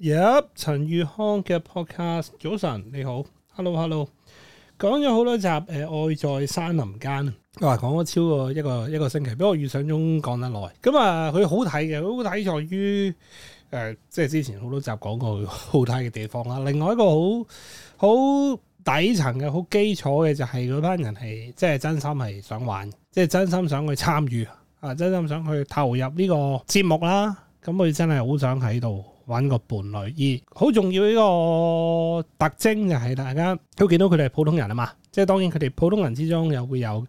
吔，陳宇康嘅 podcast，早晨你好，hello hello，講咗好多集誒、呃，愛在山林間，我講咗超過一個一個星期，比我預想中講得耐，咁啊佢好睇嘅，好睇在於誒、呃，即係之前好多集講過好睇嘅地方啦。另外一個好好底層嘅、好基礎嘅就係嗰班人係即係真心係想玩，即係真心想去參與啊，真心想去投入呢個節目啦。咁、啊、佢、嗯、真係好想喺度。揾個伴侶，而好重要呢個特徵就係大家都見到佢哋係普通人啊嘛，即係當然佢哋普通人之中又會有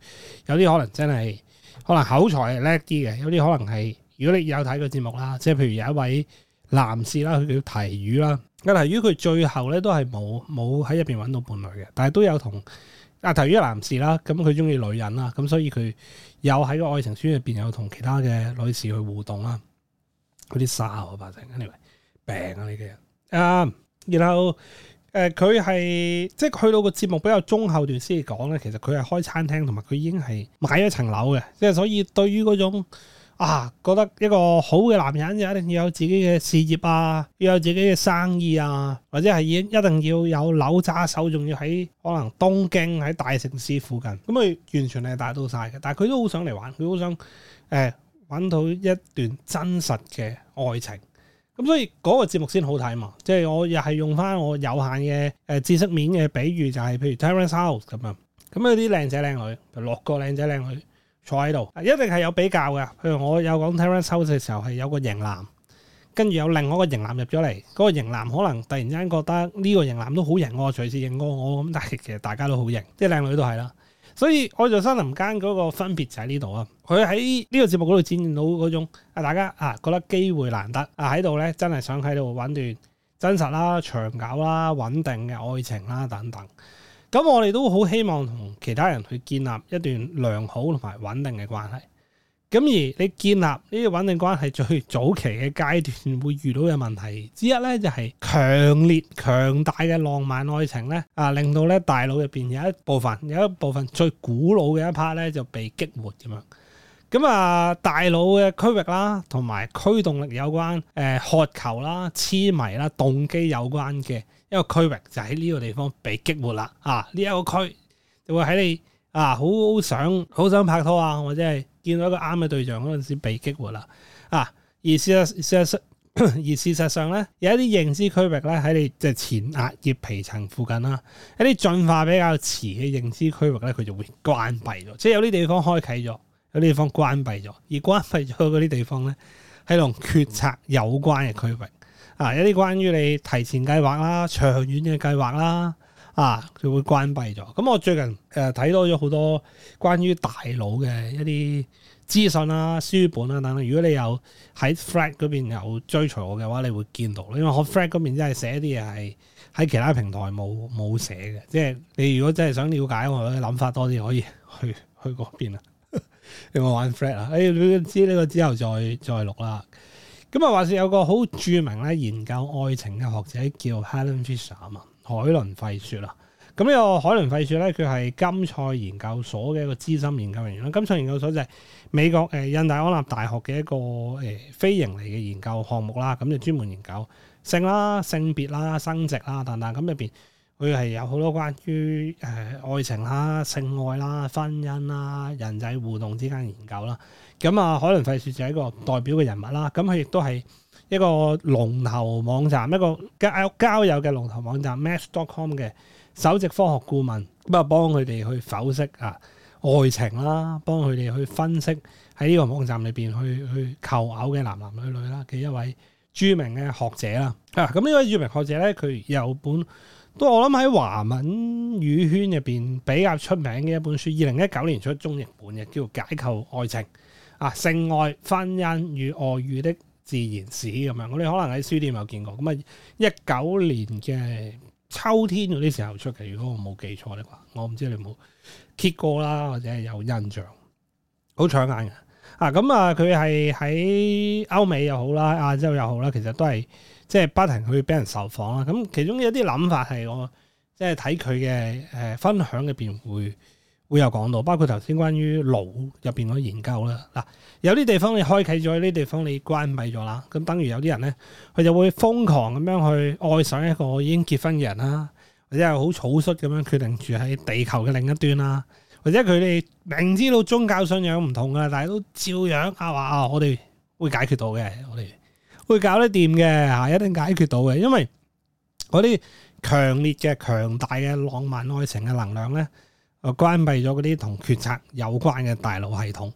有啲可能真係可能口才係叻啲嘅，有啲可能係如果你有睇過節目啦，即係譬如有一位男士啦，佢叫提魚啦，阿提魚佢最後咧都係冇冇喺入面揾到伴侶嘅，但係都有同阿提魚嘅男士啦，咁佢中意女人啦，咁所以佢又喺個愛情書入面有同其他嘅女士去互動啦，佢啲沙河白石，anyway。病啊！呢啲人啊、嗯，然後誒，佢、呃、係即係去到個節目比較中後段先嚟講咧。其實佢係開餐廳，同埋佢已經係買咗一層樓嘅。即係所以，對於嗰種啊，覺得一個好嘅男人，就一定要有自己嘅事業啊，要有自己嘅生意啊，或者係要一定要有樓揸手，仲要喺可能東京喺大城市附近。咁、嗯、佢完全係達到晒嘅。但係佢都好想嚟玩，佢好想誒搵、呃、到一段真實嘅愛情。咁所以嗰個節目先好睇嘛，即係我又係用翻我有限嘅、呃、知識面嘅比喻，就係譬如 Terrace House 咁樣，咁有啲靚仔靚女，六個靚仔靚女坐喺度，一定係有比較嘅。譬如我有講 Terrace House 嘅時候，係有個型男，跟住有另外一個型男入咗嚟，嗰個型男可能突然間覺得呢個型男都好型喎，隨時認過我咁，但係其實大家都好型，即係靚女都係啦。所以愛在森林間嗰個分別就喺呢度啊！佢喺呢個節目嗰度展現到嗰種啊，大家啊覺得機會難得啊，喺度咧真係想喺度搵段真實啦、長久啦、穩定嘅愛情啦等等。咁我哋都好希望同其他人去建立一段良好同埋穩定嘅關係。咁而你建立呢個穩定關係最早期嘅階段會遇到嘅問題之一咧，就係強烈強大嘅浪漫愛情咧，啊令到咧大腦入邊有一部分有一部分最古老嘅一 part 咧就被激活咁樣。咁啊，大腦嘅區域啦，同埋驅動力有關，誒渴求啦、痴迷啦、動機有關嘅一個區域，就喺呢個地方被激活啦。啊，呢一個區就會喺你啊，好想好想拍拖啊，或者係～見到一個啱嘅對象嗰陣時被激活啦，啊！而事實、事實上，而事實上咧，有一啲認知區域咧喺你即係前額葉皮層附近啦，一啲進化比較遲嘅認知區域咧，佢就會關閉咗，即係有啲地方開啟咗，有啲地方關閉咗，而關閉咗嗰啲地方咧係同決策有關嘅區域，啊！有一啲關於你提前計劃啦、長遠嘅計劃啦。啊！佢會關閉咗。咁我最近睇多咗好多關於大腦嘅一啲資訊啦、啊、書本啦、啊、等等。如果你有喺 f r a g 嗰邊有追隨我嘅話，你會見到。因為我 f r a g 嗰邊真係寫啲嘢係喺其他平台冇冇寫嘅。即係你如果真係想了解我嘅諗法多啲，可以去去嗰邊啊。 你有冇玩 f r a g 啊？誒，你知呢個之後再再錄啦。咁啊，話說有個好著名咧研究愛情嘅學者叫 Helen Fisher 啊嘛。海倫費雪啊，咁、這、呢個海倫費雪咧，佢係金賽研究所嘅一個資深研究人員啦。金賽研究所就係美國誒印第安納大學嘅一個誒非盈利嘅研究項目啦。咁就專門研究性啦、性別啦、生殖啦等等。咁入邊佢係有好多關於誒愛情啦、性愛啦、婚姻啦、人際互動之間研究啦。咁啊，海倫費雪就係一個代表嘅人物啦。咁佢亦都係。一個龍頭網站，一個交友嘅龍頭網站 match.com 嘅首席科學顧問，咁啊幫佢哋去剖析啊愛情啦，幫佢哋去分析喺呢個網站裏邊去去求偶嘅男男女女啦嘅一位著名嘅學者啦，啊咁呢位著名學者咧，佢有本都我諗喺華文語圈入邊比較出名嘅一本書，二零一九年出中譯本嘅，叫《解構愛情》啊，性愛、婚姻與外遇的自然史咁樣，我哋可能喺書店有見過。咁啊，一九年嘅秋天嗰啲時候出嘅，如果我冇記錯咧，我唔知你有冇揭過啦，或者有印象，好搶眼嘅。啊，咁、嗯、啊，佢係喺歐美又好啦，亞洲又好啦，其實都係即係不停去俾人受訪啦。咁其中有一啲諗法係我即係睇佢嘅誒分享嘅邊會。會有講到，包括頭先關於腦入邊嗰啲研究啦。嗱，有啲地方你開啟咗，有啲地方你關閉咗啦。咁等於有啲人咧，佢就會瘋狂咁樣去愛上一個已經結婚嘅人啦，或者係好草率咁樣決定住喺地球嘅另一端啦，或者佢哋明知道宗教信仰唔同㗎，但係都照樣係、啊、我哋會解決到嘅，我哋會搞得掂嘅嚇，一定解決到嘅，因為嗰啲強烈嘅、強大嘅浪漫愛情嘅能量咧。啊！關閉咗嗰啲同決策有關嘅大腦系統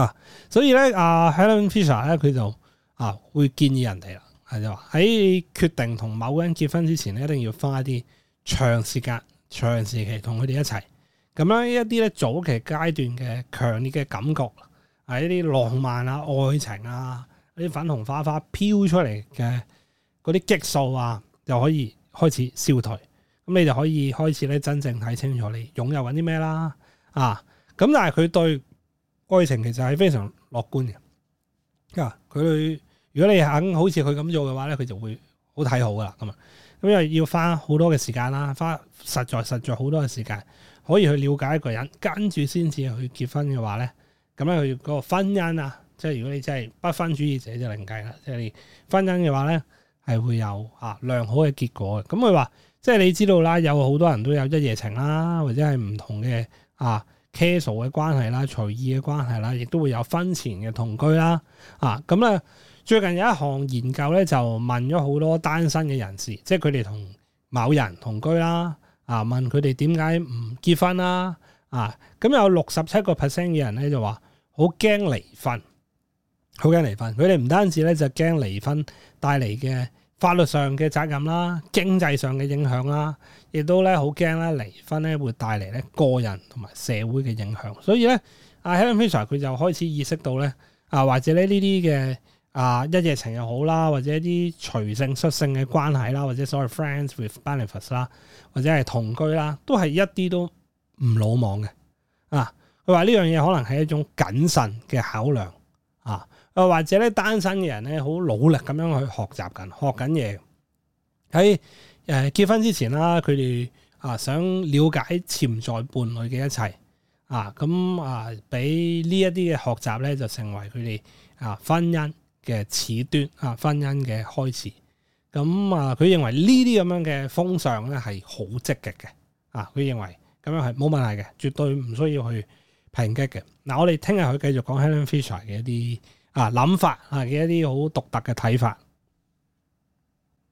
啊，所以咧啊，Helen Fisher 咧佢就啊會建議人哋啦，係就喺決定同某個人結婚之前咧，一定要花一啲長時間、長時期同佢哋一齊，咁樣一啲咧早期階段嘅強烈嘅感覺，啊，一啲浪漫啊、愛情啊、啲粉紅花花飄出嚟嘅嗰啲激素啊，就可以開始消退。咁你就可以開始咧，真正睇清楚你擁有緊啲咩啦，啊！咁但係佢對愛情其實係非常樂觀嘅。啊，佢如果你肯好似佢咁做嘅話咧，佢就會好睇好噶啦。咁啊，咁因為要花好多嘅時間啦，花實在實在好多嘅時間可以去了解一個人，跟住先至去結婚嘅話咧，咁樣佢嗰個婚姻啊，即係如果你真係不婚主義者就另計啦，即係你婚姻嘅話咧係會有啊良好嘅結果嘅。咁佢話。即係你知道啦，有好多人都有一夜情啦，或者係唔同嘅啊 casual 嘅關係啦、隨意嘅關係啦，亦都會有婚前嘅同居啦。啊，咁、嗯、咧最近有一項研究咧，就問咗好多單身嘅人士，即係佢哋同某人同居啦。啊，問佢哋點解唔結婚啦，啊，咁、嗯、有六十七個 percent 嘅人咧就話好驚離婚，好驚離婚。佢哋唔單止咧就驚離婚帶嚟嘅。法律上嘅責任啦，經濟上嘅影響啦，亦都咧好驚咧離婚咧會帶嚟咧個人同埋社會嘅影響，所以咧阿 Helen Fisher 佢就開始意識到咧啊，或者咧呢啲嘅啊一夜情又好啦，或者啲隨性率性嘅關係啦，或者所謂 friends with benefits 啦，或者係同居啦，都係一啲都唔魯莽嘅啊。佢話呢樣嘢可能係一種謹慎嘅考量啊。啊，或者咧單身嘅人咧好努力咁樣去學習緊，學緊嘢喺誒結婚之前啦，佢哋啊想了解潛在伴侶嘅一切啊，咁啊，俾呢一啲嘅學習咧就成為佢哋啊婚姻嘅始端啊，婚姻嘅開始，咁啊佢認為呢啲咁樣嘅風尚咧係好積極嘅啊，佢認為咁樣係冇問題嘅，絕對唔需要去抨擊嘅。嗱、啊、我哋聽日去繼續講 Helen Fisher 嘅一啲。啊，諗法啊嘅一啲好獨特嘅睇法。